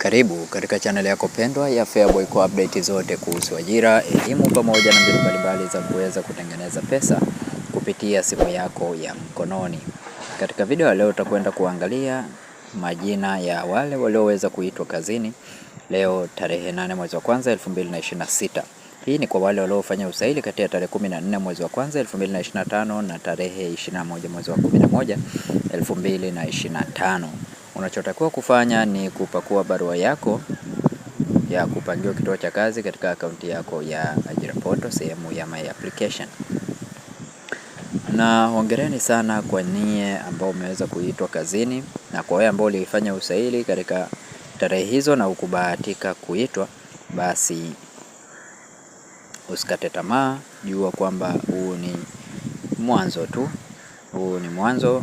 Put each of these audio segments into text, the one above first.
Karibu katika channel yako pendwa ya Feaboy kwa update zote kuhusu ajira, elimu pamoja na mbinu mbalimbali za kuweza kutengeneza pesa kupitia simu yako ya mkononi. Katika video ya leo tutakwenda kuangalia majina ya wale walioweza kuitwa kazini leo tarehe 8 mwezi wa kwanza 2026. Hii ni kwa wale waliofanya usaili kati ya tarehe 14 mwezi wa kwanza 2025 na tarehe 21 mwezi wa 11 2025. Unachotakiwa kufanya ni kupakua barua yako ya kupangiwa kituo cha kazi katika akaunti yako ya Ajira Portal sehemu ya my application. Na hongereni sana kwa nie ambao umeweza kuitwa kazini na kwa wewe ambao ulifanya usaili katika tarehe hizo na ukubahatika kuitwa, basi usikate tamaa, jua kwamba huu ni mwanzo tu, huu ni mwanzo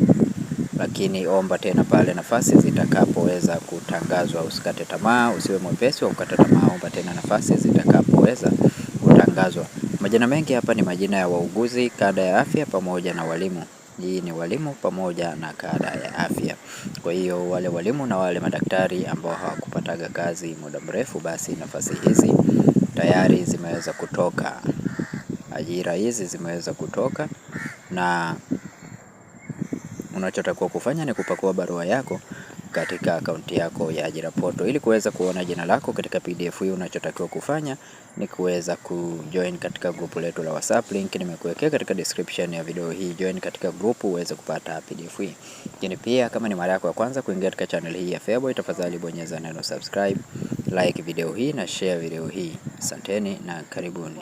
lakini omba tena pale nafasi zitakapoweza kutangazwa. Usikate tamaa, usiwe mwepesi wa kukata tamaa, omba tena nafasi zitakapoweza kutangazwa. Majina mengi hapa ni majina ya wauguzi, kada ya afya pamoja na walimu. Hii ni walimu pamoja na kada ya afya. Kwa hiyo wale walimu na wale madaktari ambao hawakupataga kazi muda mrefu, basi nafasi hizi tayari zimeweza kutoka, ajira hizi zimeweza kutoka na Unachotakiwa kufanya ni kupakua barua yako katika akaunti yako ya ajira portal. Ili kuweza kuona jina lako katika PDF hii, unachotakiwa kufanya ni kuweza kujoin katika grupu letu la WhatsApp. Link nimekuwekea katika description ya video hii. Join katika grupu uweze kupata PDF hii. Lakini pia kama ni mara yako ya kwanza kuingia katika channel hii ya FEABOY, tafadhali bonyeza neno subscribe, like video hii na share video hii. Asanteni na karibuni.